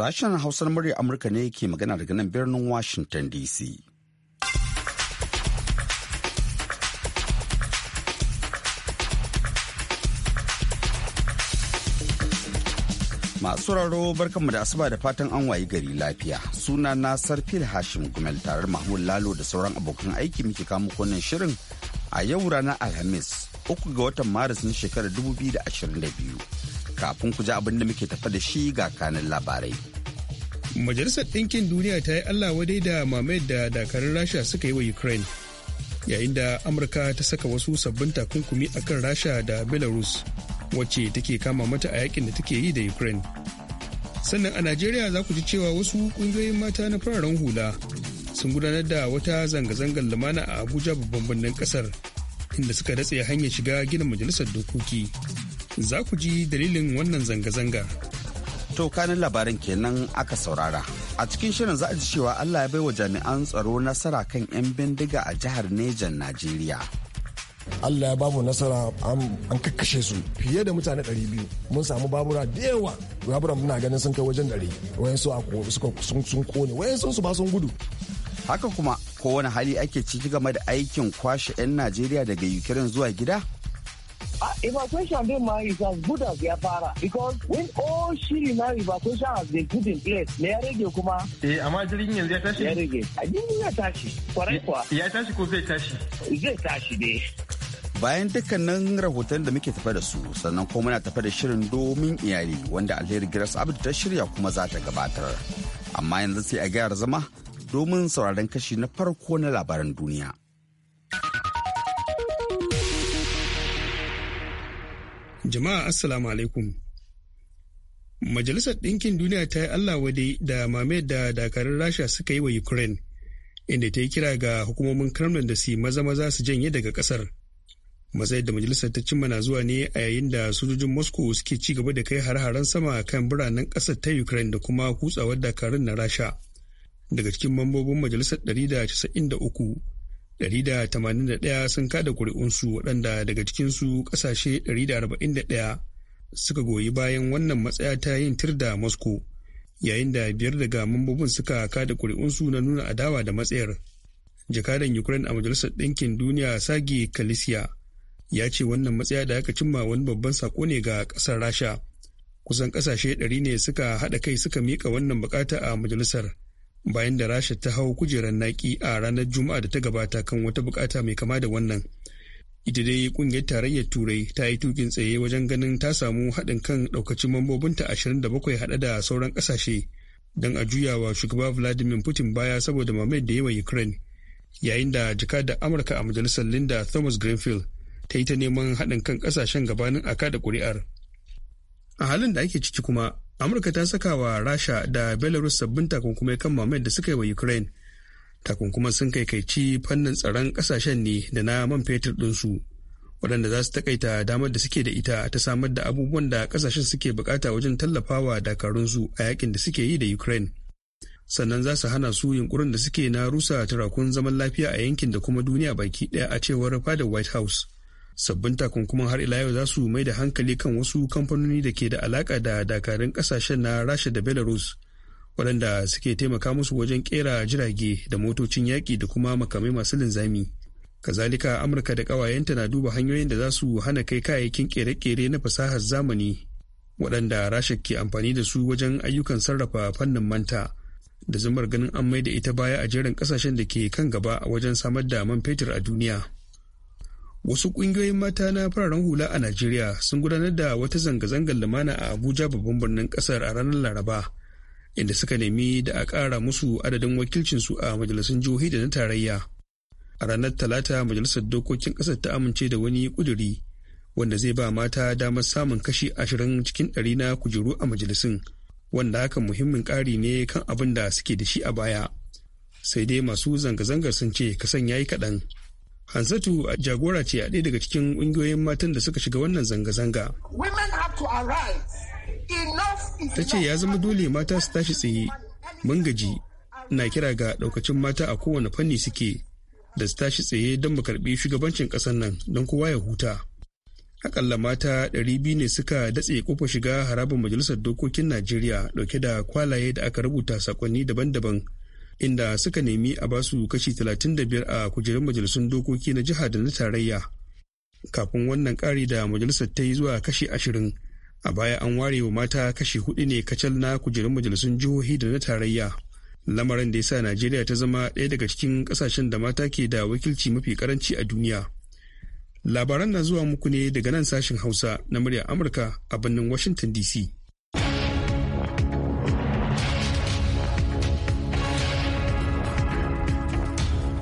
Sashen Hausar murya Amurka ne ke magana daga nan birnin Washington DC. Masu raro barkanmu da asuba da fatan an wayi gari lafiya. Suna na Sarfil Hashim Gumel tarar Mahmud Lalo da sauran abokan aiki muke kamo wannan shirin a yau ranar Alhamis, uku ga watan Maris na shekarar 2022. kafin ku ji abin da muke tafa da shi ga kanin labarai. Majalisar Ɗinkin Duniya ta yi Allah wadai da mamayar da dakarun Rasha suka yi wa Ukraine, yayin da Amurka ta saka wasu sabbin takunkumi a kan Rasha da Belarus, wacce take kama mata a yakin da take yi da Ukraine. Sannan a Najeriya za ku ji cewa wasu ƙungiyoyin mata na fararen hula sun gudanar da wata zanga-zangar lumana a Abuja babban birnin ƙasar, inda suka datse hanyar shiga gina majalisar dokoki. Za ku ji dalilin wannan zanga-zangar. To kanin labarin kenan aka saurara. A cikin shirin za a ji cewa Allah ya bai wa jami'an tsaro nasara kan 'yan bindiga a jihar Nejan, Najeriya. Allah ya babu nasara an kakkashe su fiye da mutane 200 mun samu babura da yawa babura muna ganin sun kai wajen 100 wayansu a sun kone wayansu su ba sun gudu haka kuma kowane hali ake ciki game da aikin kwashe 'yan Najeriya daga Ukraine zuwa gida Uh, evacuation day man is as good as ya fara because when all shiri na evacuation has been put in place me ya rage kuma. Eh amma jirgin yanzu ya tashi? Ya rage. A jirgin ya tashi. Kwarai kuwa. Ya tashi ko zai tashi? Zai tashi dai. bayan dukkanin rahoton da muke tafa da su sannan kuma muna tafa da shirin domin iyali wanda alheri giras abdu ta shirya kuma za ta gabatar amma yanzu sai a gyara zama domin sauraron kashi na farko na labaran duniya Jama'a Assalamu alaikum. Majalisar Ɗinkin Duniya ta yi Allah wade da mamayar da dakarun Rasha suka yi wa Ukraine, inda ta yi kira ga hukumomin Kremlin da su maza-maza su janye daga ƙasar. Matsayar da majalisar ta cimma na zuwa ne a yayin da sojojin Moscow suke ci gaba da kai har-haren sama kan biranen ƙasar ta Ukraine da kuma kutsawar dakarun na Rasha. Daga cikin mambobin majalisar da da uku. 181 sun kada kuri'unsu waɗanda daga cikinsu ƙasashe 141 suka goyi bayan wannan matsaya ta yin tir da moscow yayin da biyar daga mambobin suka kada kuri'unsu na nuna adawa da matsayar jakadan ukraine a majalisar ɗinkin duniya Sagi kalisiya ya ce wannan matsaya da aka cimma wani babban sako ne ga ƙasar rasha kusan ƙasashe 100 ne suka haɗa kai suka miƙa wannan bukata a majalisar bayan da rasha ta hau kujerar naki a ranar juma'a da ta gabata kan wata bukata mai kama da wannan ita dai kungiyar tarayyar turai ta yi tukin tsaye wajen ganin ta samu haɗin kan ɗaukacin mambobinta bakwai haɗe da sauran ƙasashe don a juyawa shugaba vladimir putin baya saboda mamayar da yawan ukraine yayin da jaka da amurka a majalisar linda thomas greenfield ta yi ta neman haɗin kan ƙasashen gabanin aka da ƙuri'ar a halin da ake ciki kuma amurka ta saka wa rasha da belarus sabbin takunkumai kan mamayar da suka yi wa ukraine takunkuman sun kai kaikaici fannin tsaron kasashen ne da na man fetur ɗinsu waɗanda za su takaita damar da suke da ita ta samar da abubuwan da kasashen suke bukata wajen tallafawa dakarunsu a yakin da suke yi da ukraine sannan za su hana su yunkurin da suke na rusa turakun zaman lafiya a yankin da kuma duniya baki ɗaya a cewar fadar white house sabbin takunkuman har ila yau za su mai da hankali kan wasu kamfanoni da ke da alaka da dakarun kasashen na rasha da belarus waɗanda suke taimaka musu wajen kera jirage da motocin yaƙi da kuma makamai masu linzami kazalika amurka da ƙawayenta na duba hanyoyin da za su hana kai kayayyakin ƙere-ƙere na fasahar zamani waɗanda rasha ke amfani da su wajen ayyukan sarrafa fannin manta da zumar ganin an mai da ita baya a jerin ƙasashen da ke kan gaba a wajen samar da man fetur a duniya. wasu ƙungiyoyin mata na fararen hula a najeriya sun gudanar da wata zanga-zangar lumana a abuja babban birnin ƙasar a ranar laraba inda suka nemi da a ƙara musu adadin wakilcinsu a majalisun jihohi da na tarayya a ranar talata majalisar dokokin ƙasar ta amince da wani ƙuduri wanda zai ba mata damar samun kashi ashirin cikin ɗari na kujeru a majalisun wanda haka muhimmin ƙari ne kan abin da suke da shi a baya sai dai masu zanga-zangar sun ce kasan ya yi kaɗan Hansatu jagora ce a ɗaya daga cikin ƙungiyoyin matan da suka shiga wannan zanga-zanga. Ta ce ya zama dole mata su tashi tsaye, mun gaji, na kira ga ɗaukacin mata a kowane fanni suke da su tashi tsaye don mu karɓi shugabancin ƙasar nan don kowa ya huta. Akalla mata ɗari biyu ne suka datse kofar shiga harabin Majalisar Dokokin Najeriya ɗauke da kwalaye da aka rubuta sakonni daban-daban inda suka nemi a basu kashi 35 a kujerun majalisun dokoki na jiha da na tarayya kafin wannan ƙari da majalisar ta yi zuwa kashi 20 a baya an ware wa mata kashi hudu ne kacal na kujerun majalisun jihohi da na tarayya lamarin da ya sa najeriya ta zama ɗaya daga cikin ƙasashen da mata ke da wakilci mafi karanci a duniya labaran na zuwa muku ne daga nan sashen hausa na muryar amurka a birnin washington dc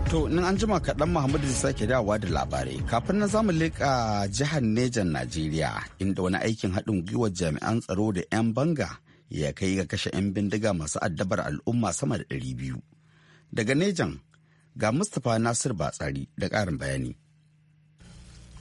To nan an jima kaɗan Muhammadu zai sake dawowa da labarai. Kafin na zamu leƙa jihar Nejan Najeriya inda wani aikin haɗin gwiwar jami'an tsaro da 'yan banga ya kai ga kashe 'yan bindiga masu addabar al'umma sama da ɗari biyu. Daga Nejan ga Mustapha Nasir Batsari da ƙarin bayani.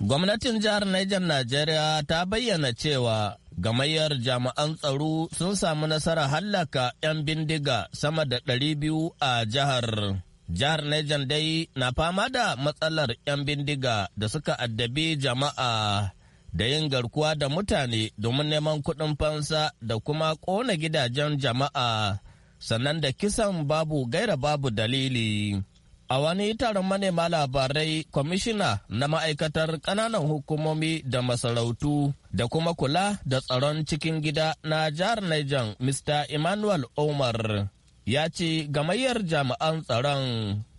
Gwamnatin jihar nejan Najeriya ta bayyana cewa gamayyar jami'an tsaro sun samu nasara hallaka 'yan bindiga sama da ɗari biyu a jihar. Jihar Niger dai na fama da matsalar 'yan bindiga da suka addabi jama'a da yin garkuwa da mutane domin neman kuɗin fansa da kuma ƙona gidajen jama'a sannan da kisan babu gaira babu dalili. A wani taron manema labarai, kwamishina na ma'aikatar ƙananan hukumomi da masarautu da kuma kula da tsaron cikin gida na jihar Niger, Mr. Emmanuel Omar, ya ce gamayyar jami'an tsaron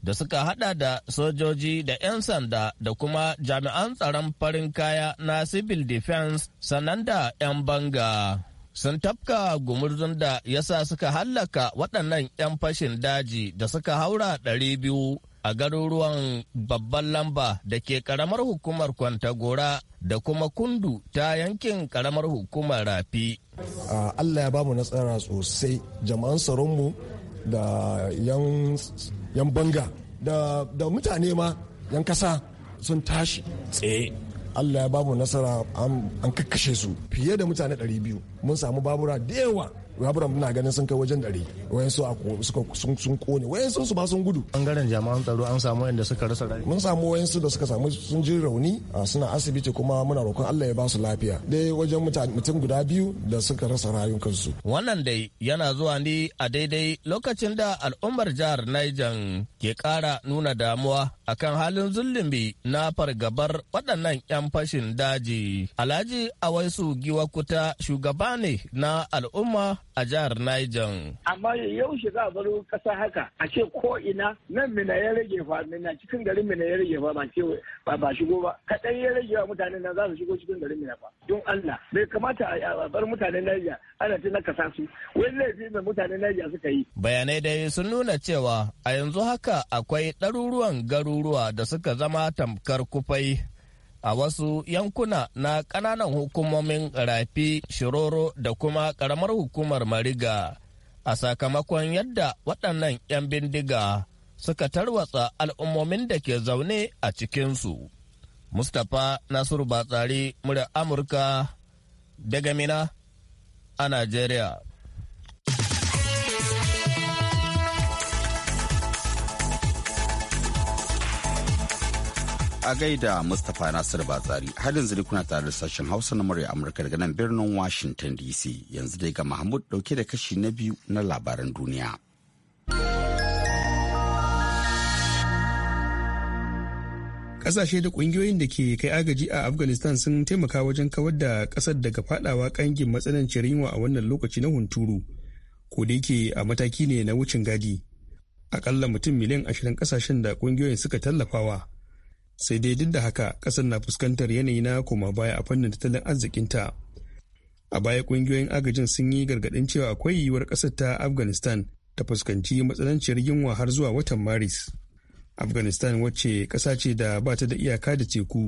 da suka hada da sojoji da 'yan sanda da kuma jami'an tsaron farin kaya na civil defense sannan da 'yan banga sun tafka gumurzun da ya sa suka hallaka waɗannan 'yan fashin daji da suka haura 200 a garuruwan babban lamba da ke karamar hukumar kwantagora da kuma kundu ta yankin karamar hukumar rafi. Allah ya bamu nasara sosai jama'an tsaronmu da yan banga da, mutane ma yan kasa sun tashi tsaye. Allah ya bamu nasara an kakkashe su fiye da mutane 200 mun samu babura da yawa raburan muna ganin sun kai wajen ɗari suka sun kone su ba sun gudu bangaren jami'an tsaro an samu wayanda suka rasa rai mun samu su da suka samu sun ji rauni suna asibiti kuma muna roƙon Allah ya ba su lafiya dai wajen mutum guda biyu da suka rasa rayukansu wannan dai yana zuwa ne a daidai lokacin da al'ummar jihar Niger ke ƙara nuna damuwa akan halin zulumi na fargabar waɗannan 'yan fashin daji. Alhaji Awaisu Giwakuta shugaba ne na al'umma a jihar Niger. Amma yau shiga baro ƙasa haka a ce ko ina nan mina ya rage fa mina cikin garin mina ya rage fa ba ce ba ba shigo ba kaɗai ya rage wa mutanen nan za su shigo cikin garin mina fa don Allah bai kamata a bar mutanen Niger ana na nakasa su wani laifi da mutanen Niger suka yi. Bayanai dai sun nuna cewa a yanzu haka akwai ɗaruruwan garu garuruwa da suka zama tamkar kufai a wasu yankuna na ƙananan hukumomin rafi shiroro da kuma ƙaramar hukumar mariga a sakamakon yadda waɗannan 'yan bindiga suka tarwatsa al'ummomin da ke zaune a cikinsu. Mustapha Nasiru Batsari, murar Amurka, daga Mina a Najeriya. a gaida Mustapha Nasir Batsari har yanzu dai kuna tare da sashen Hausa na murya Amurka daga nan birnin Washington DC yanzu dai ga Mahmud dauke da kashi na biyu na labaran duniya. Kasashe da kungiyoyin da ke kai agaji a Afghanistan sun taimaka wajen kawar da kasar daga fadawa kangin matsananciyar yunwa a wannan lokaci na hunturu, ko da yake a mataki ne na wucin gadi. Akalla mutum miliyan ashirin kasashen da kungiyoyin suka tallafawa sai dai duk da haka kasar na fuskantar yanayi na koma baya a fannin tattalin arzikinta a baya kungiyoyin agajin sun yi gargadin cewa akwai yiwuwar ƙasar ta afghanistan ta fuskanci matsananciyar yunwa har zuwa watan maris afghanistan wacce ƙasa ce da ba ta da iyaka da teku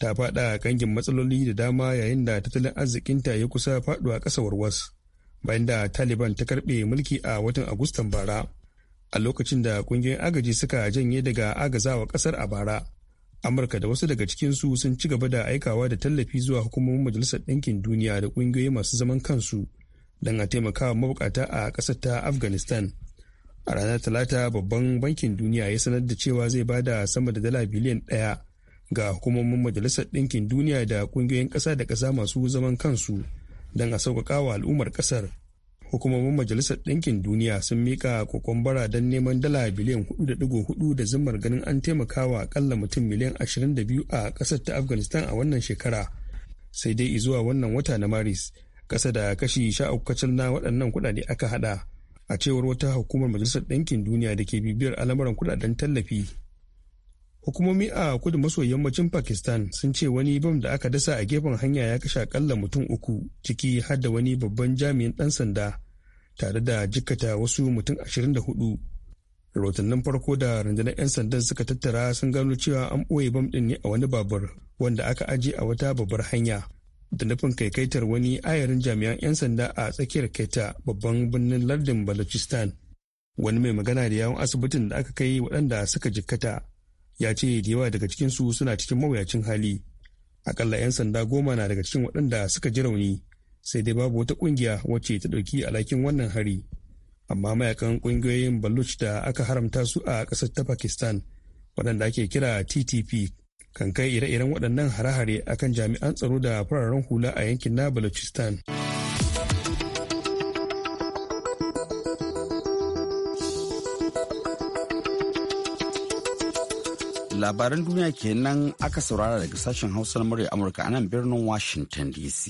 ta faɗa kangin matsaloli da dama yayin da tattalin arzikinta ya kusa faɗuwa ƙasa warwas bayan da taliban ta karɓe mulki a watan agustan bara a lokacin da kungiyoyin agaji suka janye daga agazawa ƙasar a bara amurka da wasu daga cikinsu sun ci gaba da aikawa da tallafi zuwa hukumomin majalisar ɗinkin duniya da ƙungiyoyi masu zaman kansu don a taimakawa mabukata a ƙasar ta afghanistan a ranar talata babban bankin duniya ya sanar da cewa zai ba da sama da dala biliyan ɗaya ga hukumomin majalisar ɗinkin duniya da ƙungiyoyin ƙasa da ƙasa masu zaman kansu don a sauƙaƙa wa al'ummar ƙasar hukumomin majalisar ɗinkin duniya sun mika kokon bara don neman dala biliyan 4.4 da zumar ganin an taimaka wa akalla mutum miliyan 22 a ƙasar ta afghanistan a wannan shekara sai dai zuwa wannan wata na maris ƙasa da kashi sha kacal na waɗannan kuɗaɗe aka haɗa a cewar wata hukumar majalisar ɗinkin duniya da ke bibiyar al'amuran kuɗaɗen tallafi hukumomi a kudu maso yammacin pakistan sun ce wani bam da aka dasa a gefen hanya ya kashe akalla mutum uku ciki har da wani babban jami'in dan sanda tare da jikkata wasu mutum da hudu rahotannin farko da rundunar 'yan sandan suka tattara sun gano cewa an ɓoye bam ɗin ne a wani babur wanda aka aje a wata babbar hanya da nufin kaikaitar wani ayarin jami'an 'yan sanda a tsakiyar keta babban birnin lardin balochistan wani mai magana da yawon asibitin da aka kai waɗanda suka jikkata ya ce da yawa daga cikinsu suna cikin mawuyacin hali akalla 'yan sanda goma na daga cikin waɗanda suka ji rauni sai dai babu wata ƙungiya wacce ta ɗauki alhakin wannan hari amma mayakan ƙungiyoyin baluch da aka haramta su a ƙasar ta pakistan waɗanda ake kira ttp kan kai ire-iren waɗannan hare-hare akan jami'an tsaro da fararen hula a yankin na baluchistan. labaran duniya kenan aka saurara daga sashen hausa na murya amurka a nan birnin washington dc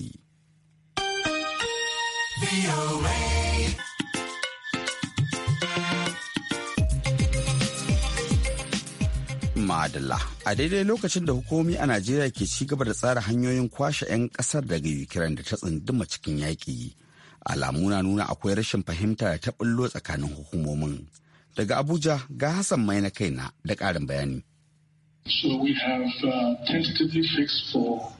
ma'adala a daidai lokacin da hukumomi a najeriya ke ci gaba da tsara hanyoyin kwashe 'yan kasar daga ukraine da ta tsunduma cikin yaƙi alamu na nuna akwai rashin fahimta da ta bullo tsakanin hukumomin daga abuja ga hassan mai na kaina da ƙarin bayani Uh,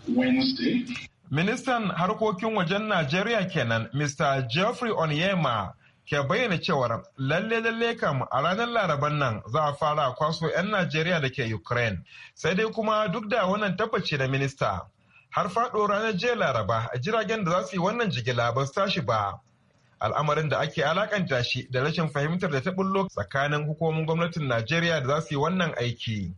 Ministan harkokin wajen Najeriya kenan Mr. Geoffrey Onyema ke bayyana cewar lalle lalle kam a ranar laraban nan za a fara kwaso 'yan Najeriya da ke Ukraine. Sai dai kuma duk da wannan tabbaci da minista har faɗo ranar jiya laraba a jiragen da za su yi wannan jigila ba su tashi ba. al'amarin da ake alakanta shi da rashin fahimtar da ta bullo tsakanin hukumomin gwamnatin Najeriya da za su yi wannan aiki.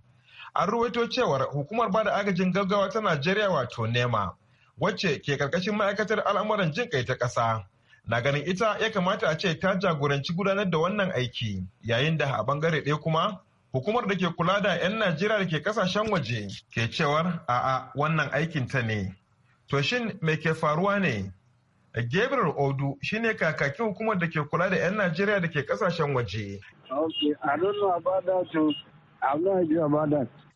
an ruwaito cewar hukumar bada agajin gaggawa ta najeriya wato nema wacce ke karkashin ma'aikatar al'amuran jin kai ta ƙasa na ganin ita ya kamata a ce ta jagoranci gudanar da wannan aiki yayin da a bangare ɗaya kuma hukumar da ke kula da 'yan najeriya da ke kasashen waje ke cewar a'a wannan aikin ta ne to shin me ke faruwa ne gabriel odu shine kakakin hukumar da ke kula da 'yan najeriya da ke kasashen waje Okay, I don't know about that too.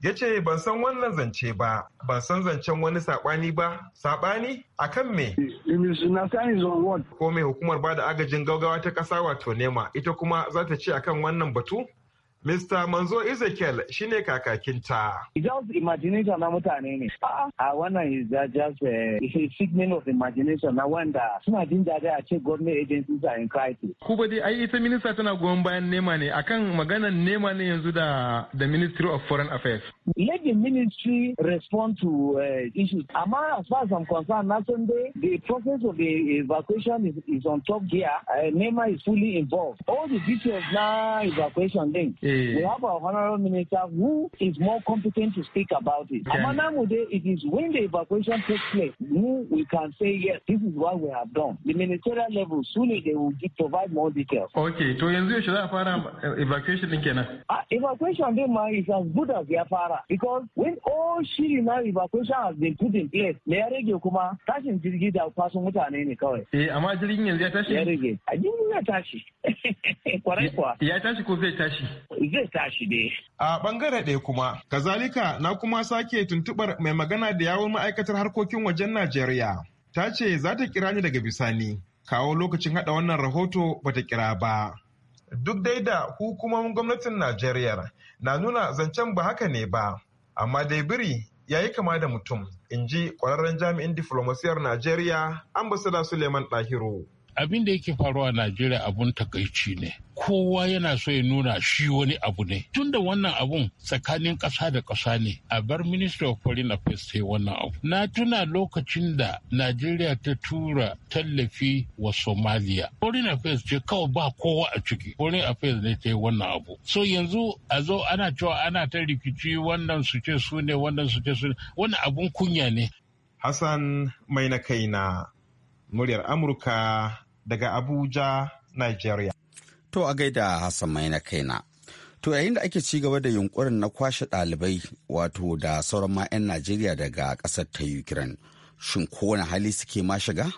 Ya ce ban san wannan zance ba, ban san zancen wani saɓani ba, saɓani a kan me? Ko mai hukumar bada agajin gaugawa ta ƙasa wato nema, ita kuma za ta ce akan wannan batu? Mr. Manzo Ezekiel shine ta Just imagination na mutane ne. A ah, ah, wannan is just eh, a figment of imagination na wanda suna jin daɗi a ce government agencies are in crisis. Ku ba dai ai ita minista tana goyon bayan nema ne akan maganan nema ne yanzu da the Ministry of Foreign Affairs. Let the ministry respond to uh, issues. Amma as far as I'm concerned, na san dai the process of the evacuation is, is on top gear. Uh, nema is fully involved. All the details na evacuation din. Eh. We have our honorable minister who is more competent to speak about it. Okay. it is when the evacuation takes place, who we can say, yes, this is what we have done. The ministerial level, soon they will provide more details. Okay, to yanzu should I fara uh, evacuation in Kenya? Uh, evacuation din ma is as good as the fara because when all shiri evacuation has been put in place, me ya rage to tashin jirgi da kwasan mutane ne kawai. Eh, amma jirgin yanzu ya tashi? Ya rage. A jirgin ya tashi. Kwarai kuwa. Ya tashi ko zai tashi? zai tashi ne. A bangare ɗaya kuma, kazalika na kuma sake tuntubar mai magana da yawon ma'aikatar harkokin wajen Najeriya. Ta ce za ta kira ni daga bisani, kawo lokacin haɗa wannan rahoto bata kira ba. Duk dai da hukumomin gwamnatin Najeriya na nuna zancen ba haka ne ba, amma dai biri ya yi kama da mutum, in ji ƙwararren jami'in diflomasiyar Najeriya, ambasada Suleiman Ɗahiru. abin da yake faruwa a najeriya abun takaici ne kowa yana so ya nuna shi wani abu ne tun da wannan abun tsakanin ƙasa da ƙasa ne a bar Minister of foreign affairs ta wannan abu na tuna lokacin da najeriya ta tura tallafi wa somalia foreign affairs ce kawai ba kowa a ciki foreign affairs ne ta yi wannan abu so yanzu a zo ana cewa ana ta rikici wannan su ce su ne wannan su ce su ne wannan abun kunya ne hassan mai na kaina muryar amurka daga Abuja, Nigeria. To a gaida Hassan mai na kaina. To yayin da ake ci gaba da yunkurin na kwashe ɗalibai wato da sauran ma 'yan Najeriya daga ƙasar ta Ukraine. Shin kowane hali suke ma shiga?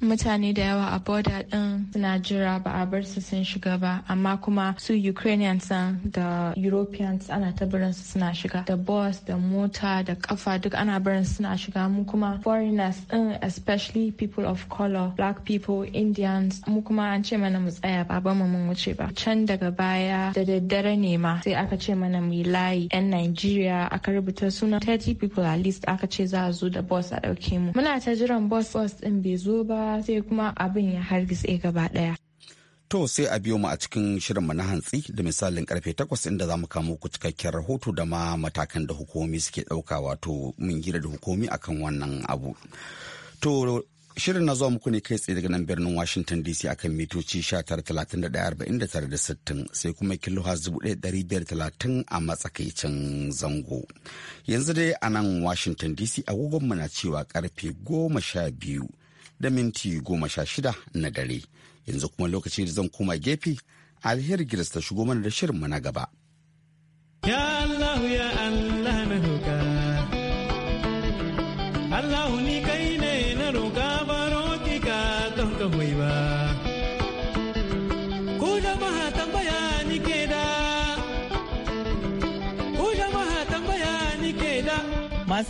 mutane da yawa a boda din suna jira ba a bar su sun shiga ba amma kuma su ukrainians da europeans ana ta barin su suna shiga da bus da mota da kafa duk ana barin su suna shiga mu kuma foreigners din especially people of color black people indians mu kuma an ce mana mu tsaya ba ba mu wuce ba can daga baya da daddare ne ma sai aka ce mana mu layi yan nigeria aka rubuta suna 30 people at least aka ce za a zo da bus a dauke mu muna ta jiran bus bus din bai zo ba sai kuma abin ya hargitse gaba daya. To sai a biyo mu a cikin shirinmu na hantsi da misalin karfe takwas inda za mu kamo ku cikakken rahoto da ma matakan da hukumomi suke ɗauka wato mun gida da hukumomi akan wannan abu. To shirin na zuwa muku ne kai tsaye daga nan birnin Washington DC akan mitoci 19,39,60 sai kuma kilohaz 1,530 a matsakaicin zango. Yanzu dai a nan Washington DC mu na cewa karfe goma sha biyu. da minti goma sha shida na dare yanzu kuma lokaci da zan koma gefe alheri giras ta shigo mana da shirin na gaba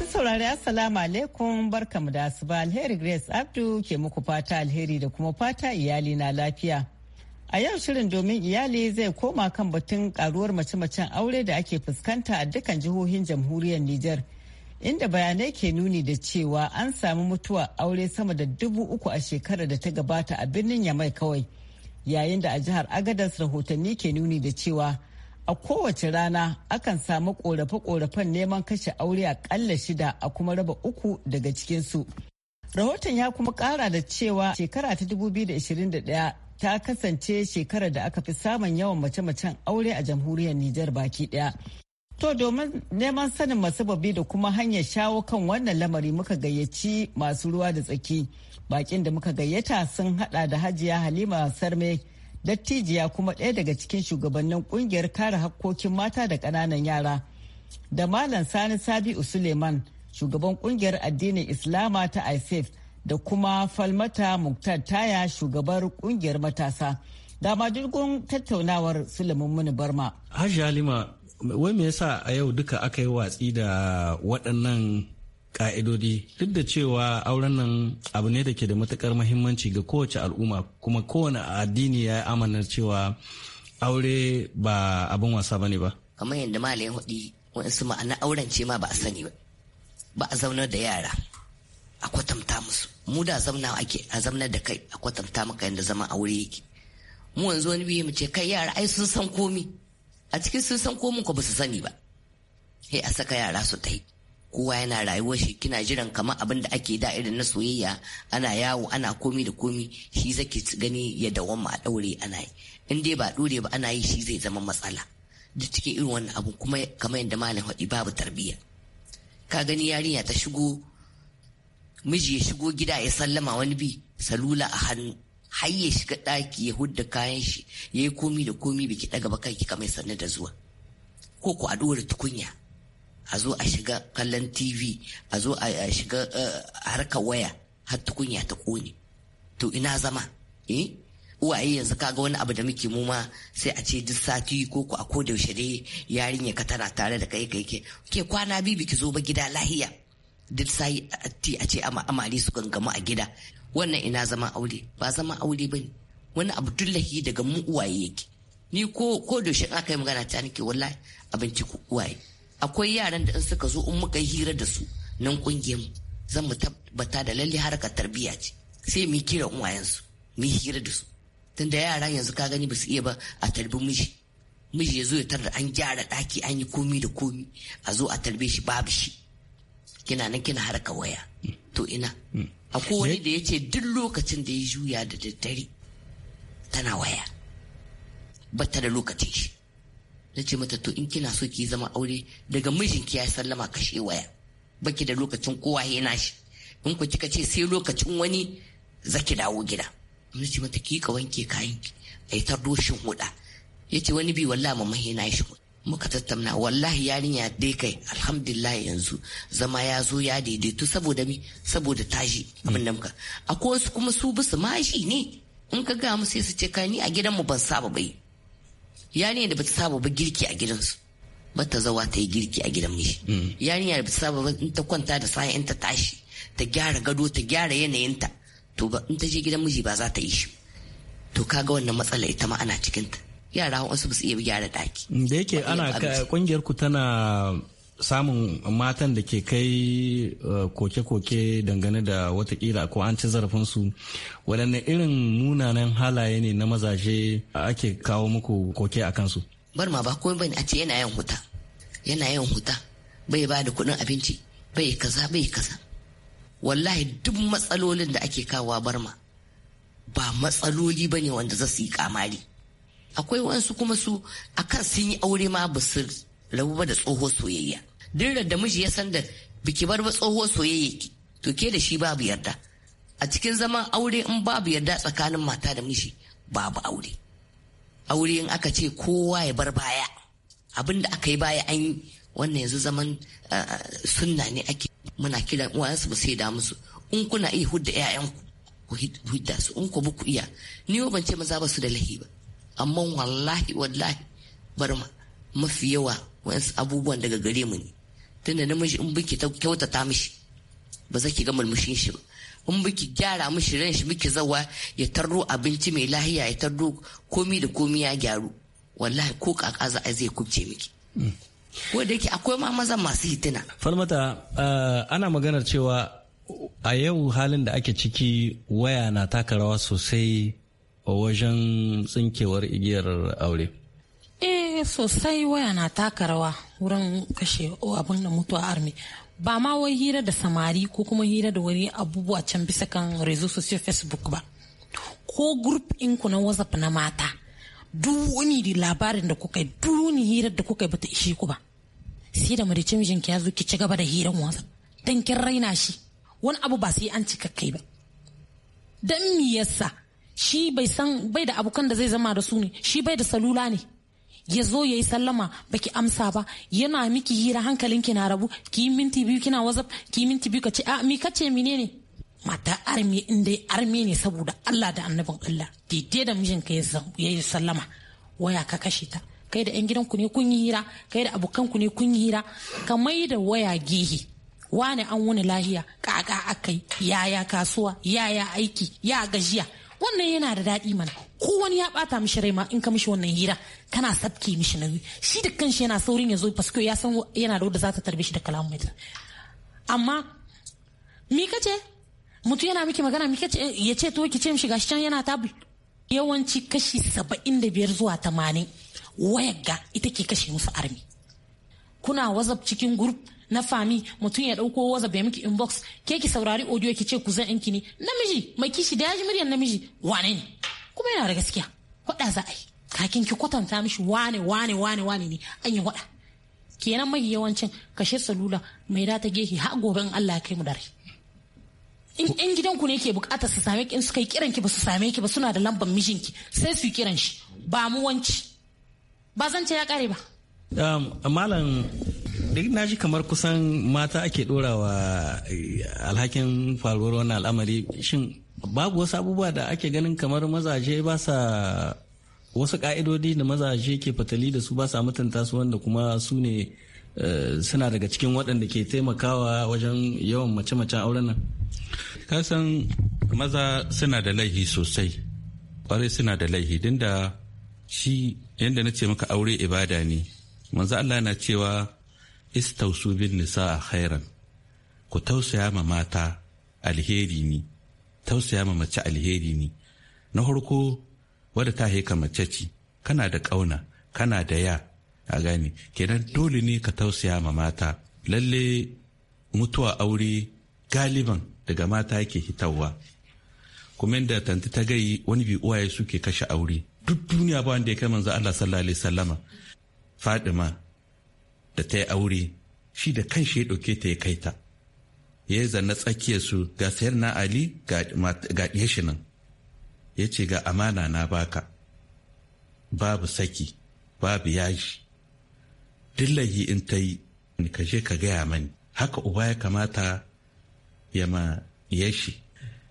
Masu saurari Assalamu alaikum barkamu da asuba alheri Grace Abdu ke muku fata alheri da kuma fata iyali na lafiya. A yau shirin domin iyali zai koma kan batun karuwar mace-macen aure da ake fuskanta a dukkan jihohin jamhuriyar Niger. Inda bayanai ke nuni da cewa an samu mutuwa aure sama da dubu uku a shekarar da ta gabata a birnin Yamai kawai. Yayin da a jihar Agadas rahotanni ke nuni da cewa a kowace rana akan samu korafe-korafen neman kashe aure a ƙalla shida a kuma raba uku daga cikinsu. Rahoton ya kuma kara da cewa shekara ta 2021 ta kasance shekarar da aka fi samun yawan mace-macen aure a jamhuriyar Nijar baki daya. To domin neman sanin masababi da kuma hanyar shawo kan wannan lamari muka gayyaci masu ruwa da tsaki. Bakin da muka gayyata sun hada da Hajiya Halima Sarme dattijiya kuma ɗaya daga cikin shugabannin ƙungiyar kare hakkokin mata da ƙananan yara da malam sani sabi'u suleiman shugaban ƙungiyar addinin islama ta isaf e da kuma falmata muktar taya shugabar ƙungiyar matasa da madurgun tattaunawar sulemin muni barma hajji halima wai me yasa a yau duka aka yi watsi da waɗannan ka'idodi duk da cewa auren nan abu ne da ke da matukar mahimmanci ga kowace al'umma kuma kowane addini ya amana cewa aure ba abin wasa ba ne ba kamar yadda malayin hudi waɗansu ma'ana auren ce ma ba a sani ba ba a zaunar da yara a kwatanta musu mu da zauna ake a zaunar da kai a kwatanta maka yadda zama aure yake mu yanzu wani biyu mu ce kai yara ai sun san komi a cikin sun san komin ko ba su sani ba sai a saka yara su ta yi kowa yana rayuwa shi kina jiran kamar abin da ake da irin na soyayya ana yawo ana komi da komi shi zake gani ya dawama a daure ana yi in dai ba dore ba ana yi shi zai zama matsala duk cikin irin wannan abu kuma kamar yadda malam haɗi babu tarbiyya ka gani yarinya ta shigo miji ya shigo gida ya sallama wani bi salula a hannu har ya shiga ɗaki ya hudda kayan shi ya yi komi da komi biki ɗaga ba kai kamar sannu da zuwa ko ku a ɗora tukunya a zo a shiga kallon tv a zo a shiga eh, harkar waya har tukunya ta kone to ina zama eh uwaye yanzu kaga wani abu da muke mu ma sai a ce duk sati ko ku a ko da yaushe dai yarinya ka tana tare da kai kai ke ke kwana bibi ki zo ba gida lahiya duk sai ti a ce ama amari su gangama a gida wannan ina zama aure ba zama aure bane wani abu dullahi daga mu uwaye yake ni ko ko da shi aka yi magana ta nake wallahi abinci ku uwaye akwai yaran da in suka zo in muka hira da su nan kungiyar zan mu tabbata da lalle harkar tarbiyya ce sai mu kira uwayensu mu hira da su tunda yara yanzu ka gani ba su iya ba a tarbi miji miji ya zo ya tarda an gyara daki an yi komi da komi a zo a tarbe shi babu shi kina nan kina harka waya to ina akwai wani da ya ce duk lokacin da ya juya da daddare tana waya bata da lokacin shi na ce mata to in kina so ki zama aure daga mijinki ya sallama kashe waya baki da lokacin kowa yana shi in ku kika ce sai lokacin wani zaki dawo gida na ce mata ki ka wanke kayan ki ai ta doshin huda yace wani bi wallahi mamma na shi muka tattauna wallahi yarinya dai kai alhamdulillah yanzu zama ya zo ya daidaitu saboda mi saboda taji abin da muka akwai wasu kuma su bisu mashi ne in ka ga mu sai su ce ka ni a gidan mu ban saba bai yarinya da bata saba ba girki a gidansu bata zawa ta yi girki a gidan miji hmm. yarinya da bata saba ba in ta kwanta da sa'a in ta tashi ta gyara gado ta gyara yanayinta to ba in ta je gidan miji ba za ta yi shi to kaga wannan matsala ita ma ana cikinta yara wasu ba su iya gyara daki da yake ana kungiyar ku tana samun matan da ke kai uh, koke-koke dangane da watakila ko an ci zarafinsu waɗanne irin munanan halaye ne na mazaje ake kawo muku koke a kansu bar ma ba ko bane a ce yana yin huta yana yin huta bai ba da kuɗin abinci bai kaza bai kaza wallahi duk matsalolin da ake kawo barma ba matsaloli ba ne wanda za su yi kamari akwai wasu kuma su akan sun yi aure ma ba su rabu da tsoho soyayya duk da miji ya san da biki bar ba tsoho soyayya ki to ke da shi babu yarda a cikin zaman aure in babu yarda tsakanin mata da miji babu aure aure in aka ce kowa ya bar baya abin da aka yi baya an yi wannan yanzu zaman sunna ne ake muna kira uwayensu ba sai da musu in kuna iya hudda 'ya'yanku ku hudda su in ku buku iya ni ban ce maza ba su da lahi ba amma wallahi wallahi barma mafi yawa wasu abubuwan daga gare mu ne tunda namiji in biki ta kyautata mishi ba za ki ga mulmushin shi ba in biki gyara mishi ran shi biki zawa ya tarro abinci mai lahiya ya tarro komi da komi ya gyaru wallahi ko kaka za a zai kubce miki ko da yake akwai ma mazan masu hitina falmata eh, ana maganar cewa a yau halin da ake ciki waya na taka rawa sosai wajen tsinkewar igiyar aure Eh, sosai waya na taka rawa wurin kashe oh, abin da mutuwa armi ba ma wai hira da samari ko kuma hira da wani abubuwa can bisa kan rezo social facebook ba ko group ku na whatsapp na mata duk wani labarin da kuka yi duk wani hirar da kuka yi bata ishe ku ba sai da marice mijinki ya zo ki ci gaba da hirar whatsapp dan kin raina shi wani abu ba sai an cika kai ba dan me yasa shi bai san bai da abokan da zai zama da su ne shi bai da salula ne ya zo ya yi sallama baki amsa ba yana miki hira hankalin ki na rabu ki yi minti biyu kina wazaf ki yi minti biyu ka ce a ah, mi kace mine ne mata armi in dai armi ne saboda Allah da annabin Allah daidai da mijinka ya yi sallama waya ka kashe ta kai da 'yan gidanku ne kun yi hira kai da abokanku ne kun yi hira ka mai da waya gehe wane an wuni lahiya kaka akai yaya kasuwa yaya aiki ya gajiya wannan yana da daɗi mana ko wani ya bata mishi rai ma in ka mishi wannan hira kana sabke mishi nauyi shi da kanshi yana saurin ya zo paske ya san yana da wanda za ta tarbe shi da kalamu mai amma mi kace mutum yana miki magana mi kace ya ce to ki ce mishi gashi can yana tabul yawanci kashi saba'in da biyar zuwa tamanin wayar ga ita ke kashe musu armi kuna wazab cikin group na fami mutum ya dauko wazab ya miki inbox ke ki saurari audio ki ce ku zan ki ne namiji mai kishi da ya ji muryar namiji wane ne kuma yana da gaskiya hwada za a yi kakin ki kwatanta mishi wane wane wane wane ne an yi hwada kenan mai yawancin kashe salula mai da ta gehe har gobe in Allah ya kai mu dare in in gidanku ne ke bukatar su same ki in suka yi kiran ki ba su same ki ba suna da lambar mijinki sai su yi kiran shi ba mu wanci ba zance ya kare ba um, malam duk na ji kamar kusan mata ake dorawa eh, alhakin faruwar wannan al'amari shin babu wasu abubuwa da ake ganin kamar mazaje ba sa wasu ka'idodi da mazaje ke fatali da su ba sa mutunta su wanda kuma su ne eh, suna daga cikin waɗanda ke taimakawa wajen yawan mace-macen auren nan kasan maza suna da laihi sosai kwarai suna da laihi din da shi yadda na ce maka aure ibada ne manzo Allah na cewa istausu bin nisa a khairan ku tausaya ma mata alheri ne tausaya ma mace alheri ne na farko wadda ta haika mace ce kana da ƙauna kana da ya a gane kenan dole ne ka tausaya ma mata lalle mutuwa aure galiban daga mata yake hitawa kuma da tanti ta gai wani bi uwaye suke kashe aure duk duniya ba wanda ya kai manzo Allah sallallahu alaihi sallama Fadima da ta yi aure shi da kanshi ya ɗauke ta ya kai ta ya yi zanna tsakiyar su ga sayar na ali ga shi nan ya ce ga amana na baka babu saki babu yaji dillahi in ta yi ka je ka gaya mani haka uba ya kamata ya ma yashi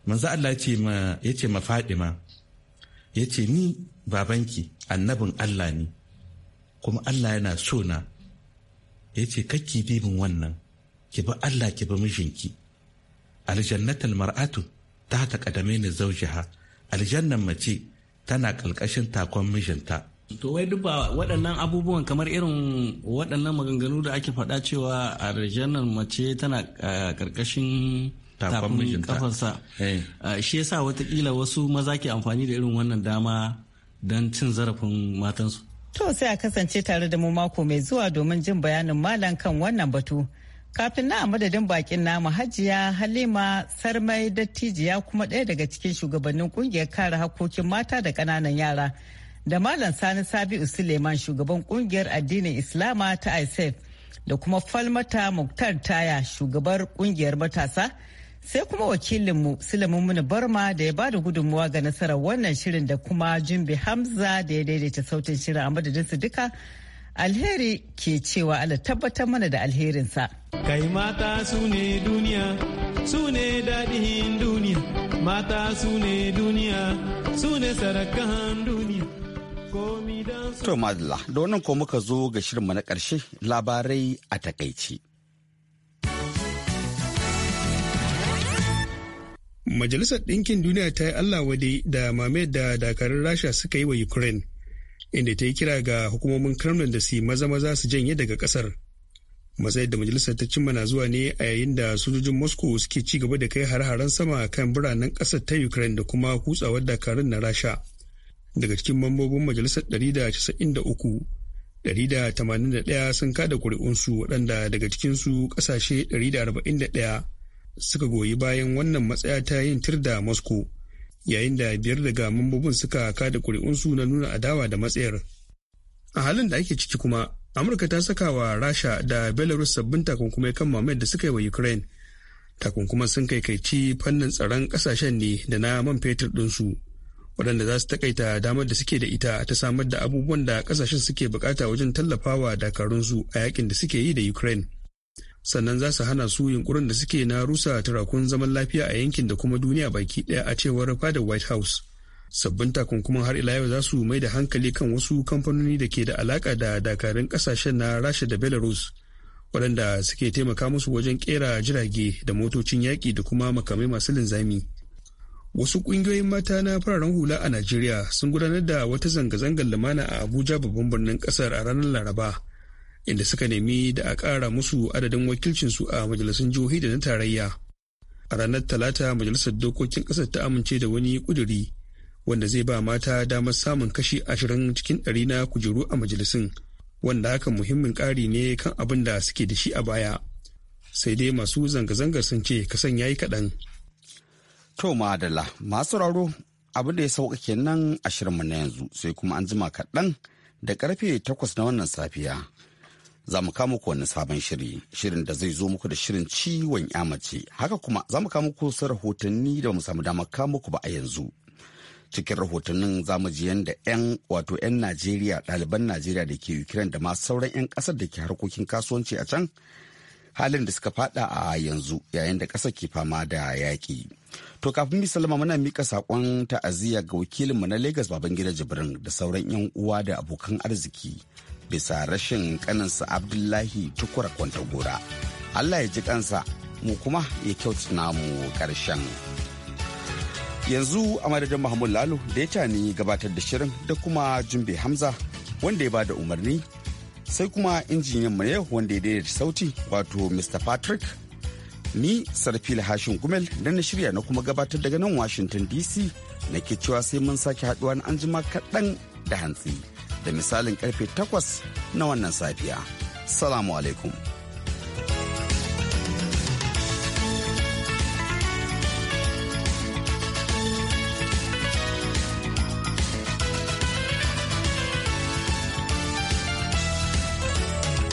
manzo Allah ce ma ya ma Fadima ya ce ni babanki annabin Allah ne kuma Allah yana so na ya ce kakki bibin wannan ki bi Allah ki bi mijinki aljannatul mar'atu ta ta ƙadame ne zaujiha aljannan mace tana kalkashin takon mijinta to wai duba waɗannan abubuwan kamar irin waɗannan maganganu da ake faɗa cewa aljannan mace tana karkashin takon mijinta kafarsa eh. shi yasa watakila wasu maza ke amfani da irin wannan dama don cin zarafin matansu to sai a kasance tare da mu mako mai zuwa domin jin bayanin malam kan wannan batu Kafin na a madadin bakin namu hajiya Halima Sarmai Dattijiya kuma ɗaya daga cikin shugabannin kungiyar kare hakokin mata da ƙananan yara. Da Malam Sani Sabi'u Suleiman shugaban kungiyar addinin Islama ta ISAF e da kuma Falmata Muktar Taya shugabar kungiyar matasa. sai kuma wakilinmu Sulaiman Barma da ya ba da gudunmuwa ga nasarar wannan shirin da kuma jimbi Hamza da ya daidaita sautin shirin a madadinsu duka Alheri ke cewa Allah tabbatar mana da alherinsa. Kai mata su ne duniya, su ne daɗin duniya, mata su ne duniya, su ne sarakan duniya. To madalla, da wannan ko muka zo ga shirinmu na ƙarshe labarai a takaici. Majalisar Ɗinkin Duniya ta yi Allah wade da mamayar da dakarun Rasha suka yi wa Ukraine. inda ta yi kira ga hukumomin kremlin da su maza-maza su janye daga kasar matsayin da majalisar ta cimma na zuwa ne a yayin da sojojin moscow suke ci gaba da kai har-haren sama kan biranen kasar ta ukraine da kuma kutsawar dakarun na rasha daga cikin mambobin majalisar 193 181 sun kada kuri'unsu waɗanda daga cikinsu ƙasashe 141 suka goyi bayan wannan matsaya ta yin tir da moscow yayin da biyar daga mambobin suka kada kuri'unsu na nuna adawa da matsayar a halin da ake ciki kuma amurka ta saka wa rasha da belarus sabbin takunkumai kan mamayar da suka yi wa ukraine takunkuman sun kaikaici fannin tsaron kasashen ne da na man fetur ɗinsu waɗanda za su takaita damar da suke da ita ta samar da abubuwan da kasashen suke bukata wajen tallafawa dakarunsu a yakin da suke yi da ukraine sannan za su hana su yunkurin da suke na rusa tarakun zaman lafiya a yankin da kuma duniya baki daya a cewar fadar white house sabbin takunkuman har ila yau za su mai da hankali kan wasu kamfanoni da ke da alaka da dakarun kasashen na rasha da belarus waɗanda suke taimaka musu wajen kera jirage da motocin yaƙi da kuma makamai masu linzami wasu ƙungiyoyin mata na fararen hula a najeriya sun gudanar da wata zanga-zangar lumana a abuja babban birnin ƙasar a ranar laraba inda suka nemi da a ƙara musu adadin wakilcinsu a majalisun jihohi da na tarayya. A ranar Talata majalisar dokokin ƙasar ta amince da wani ƙuduri wanda zai ba mata damar samun kashi ashirin cikin ɗari na kujeru a majalisun wanda hakan muhimmin ƙari ne kan abin da suke da shi a baya. Sai dai masu zanga-zangar sun ce kasan ya yi kaɗan. To madalla masu raro abin da ya sauka kenan a shirinmu na yanzu sai kuma an jima kaɗan da ƙarfe takwas na wannan safiya za mu kama ku wani sabon shiri shirin da zai zo muku da shirin ciwon mace haka kuma za mu kama ku wasu rahotanni da mu samu dama kama ku ba a yanzu cikin rahotannin za mu ji yadda 'yan wato 'yan najeriya ɗaliban najeriya da ke ukraine da ma sauran 'yan ƙasar da ke harkokin kasuwanci a can halin da suka fada a yanzu yayin da ƙasar ke fama da yaƙi to kafin mi salama muna mika saƙon ta'aziyya ga wakilinmu na lagos babangida jibrin da sauran 'yan uwa da abokan arziki bisa rashin kaninsa abdullahi tukura kwanta gora. allah ya ji kansa mu kuma ya kyautata namu karshen yanzu a madadin mahmud lalo da ya tani gabatar da shirin da kuma jumbe hamza wanda ya bada umarni sai kuma injiniyan mu ne wanda ya daidaita sauti wato mr patrick ni sarfil hashin gumel da na shirya na kuma gabatar daga nan washington dc na ke cewa sai mun sake haduwa na anjima kaɗan da hantsi. da misalin karfe 8 na wannan safiya. Salamu alaikum.